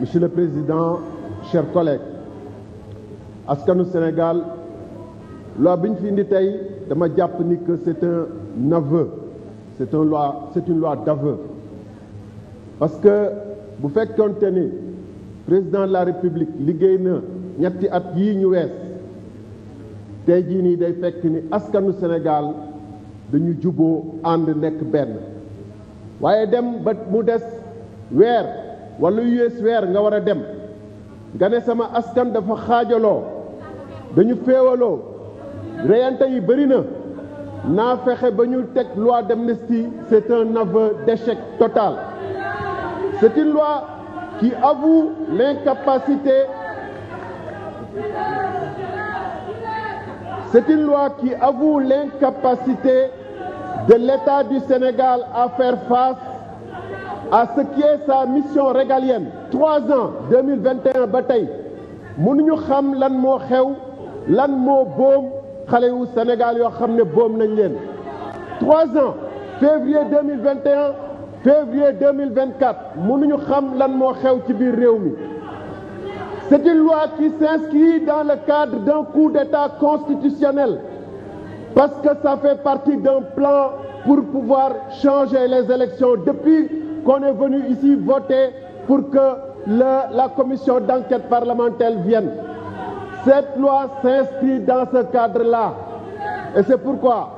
Monsieur le Président cher collègues askanu Sénégal loi bi ñu fi indi tey dama jàpp ni que c'est un aveu c'est un loi c'est une loi parce que bu fekkonte ni président de la République liggéey na ñetti at yii ñu wees tey jii nii day fekk ni askanu Sénégal dañu juboo ànd nekk benn waaye dem ba mu des weer wala yu yees weer nga war a dem nga ne sama askan dafa xaajaloo dañu féewaloo reyante yi bëri na naa fexe ba ñu teg loi d'amnistie c'est un aveu d'échec total c'est une loi qui avoue l'incapacité c'est une loi qui avoue l'incapacité de l'État à faire à ce qui est sa mission régalienne trois ans 2021 ba tey mënuñu xam lan moo xew lan moo boom xale Sénégal yoo xam ne boom nañ leen trois ans février 2021 février 2024 mënuñu xam lan moo xew ci biir réew mi c'est une loi qui s'inscrit dans le cadre d'un coup d'état constitutionnel parce que ça fait partie d'un plan pour pouvoir changer les élections depuis qu'on est venu ici voter pour que le, la commission d'enquête parlementaire vienne. Cette loi s'inscrit dans ce cadre-là. Et c'est pourquoi,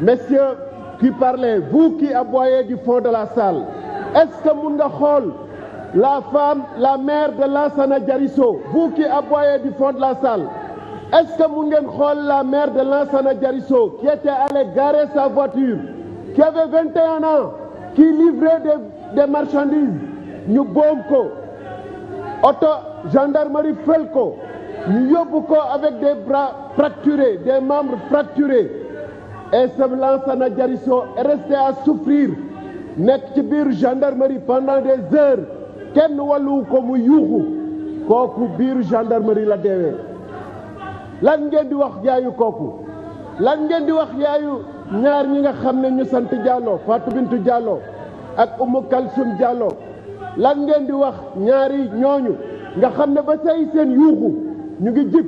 messieurs qui parlez, vous qui aboyez du fond de la salle, est-ce que Munda Khol, la femme, la mère de Lansana Diarisso, vous qui aboyez du fond la salle, est-ce que Mungen Khol, la mère de Lansana Diarisso, qui était allée garer sa voiture, qui avait 21 ans, qui livrait de des marchandises ñu boom ko oto gendarmerie fël ko ñu yóbbu ko avec des bras fracturés des membres fracturés et semblant Lansana Diarisso est nekk ci biir gendarmerie pendant des heures kenn wàllu ko mu yuuxu kooku biir gendarmerie la deewee lan ngeen di wax yaayu kooku lan ngeen di wax yaayu ñaar ñi nga xam ne ñu sant Diallo Fatou bintu Diallo ak Oumou Kalsoum Diallo lan ngeen di wax ñaari ñooñu nga xam ne ba say seen yuuxu ñu ngi jib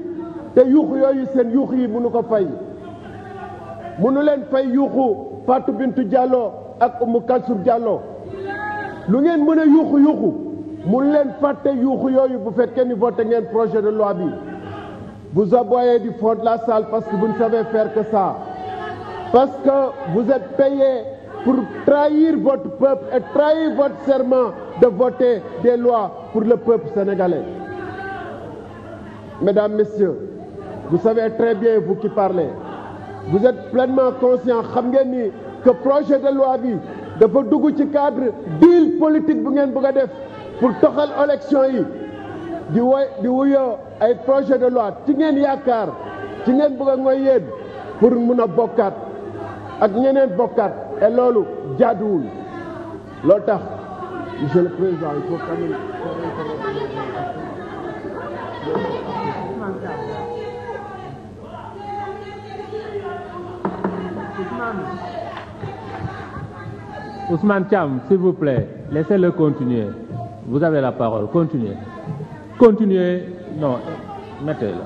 te yuuxu yooyu seen yuuxu yi mënu ko fay mënu leen fay yuuxu Fatou bintu Diallo ak Oumou Kalsoum Diallo lu ngeen mën a yuuxu yuuxu mënu leen fàtte yuuxu yooyu bu fekkee ni te ngeen projet de loi bi vous aboyez di fond de la salle parce que vous ne savez faire parce que vous êtes payés pour trahir votre peuple et trahir votre serment de voter des lois pour le peuple sénégalais. Mesdames, Messieurs, vous savez très bien, vous qui parlez, vous êtes pleinement conscient xam ngeen ni que projet de loi bi dafa dugg ci cadre deal politique bu ngeen bëgg a def pour toxal élection yi di woy di wuyoo ay projet de loi ci ngeen yaakaar ci ngeen bëgg a pour mun a bokkaat ak ñeneen bokkaat et loolu jaaduwul loolu tax monsieur le président il faut quand même Ousmane Thiam, s'il vous plaît, laissez-le continuer. Vous avez la parole, continuez. Continuez, non, mettez-le.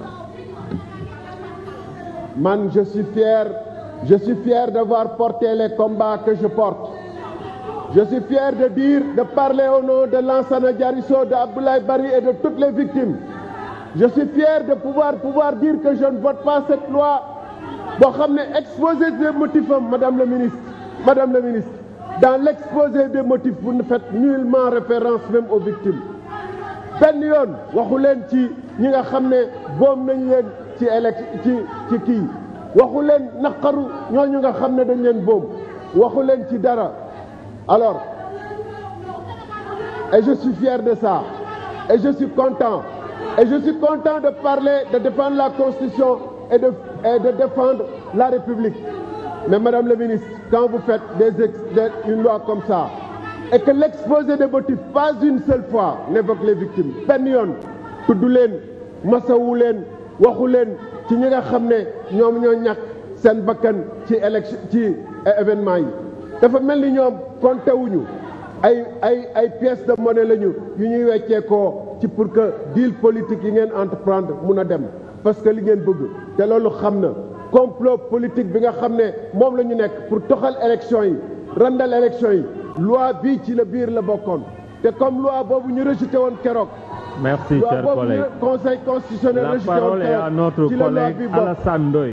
Man, je fier Je suis fier d'avoir porté les combats que je porte. Je suis fier de dire, de parler au nom de Lansana Diarisso, de Abdoulaye Bari et de toutes les victimes. Je suis fier de pouvoir, pouvoir dire que je ne vote pas cette loi. Bon, exposé des motifs, Madame le ministre. Madame le ministre, dans l'exposé des motifs, vous ne faites nullement référence même aux victimes. benn yoon waxu leen ci ñi nga xam ne boom nañ leen ci élec ci ci kii waxu leen naqaru ñooñu nga xam ne dañ leen boobu waxu leen ci dara alors et je fier de ça et je suis content et je suis content de parler de défendre la constitution e de et de défendre la république mais madame la ministre quand vous faites des ex des, une loi comme ça et que l'exposé des motifs pas une seule fois n'évoque les victimes benn yoon tudd leen masawu leen waxu leen ci ñi nga xam ne ñoom ñoo ñàkk seen bakkan ci élection ci événement yi dafa mel ni ñoom kon tewuñu ay ay ay pièces de monnaie lañu yu ñuy wecceekoo ci pour que deal politique yi ngeen entreprendre mun a dem parce que li ngeen bëgg te loolu xam na complot politique bi nga xam ne moom la ñu nekk pour toxal élection yi randal élection yi loi bii ci la biir la bokkoon te comme loi boobu ñu rejeté woon keroog. Merci, chers collègues. La parole est à notre collègue Alassane Ndoye.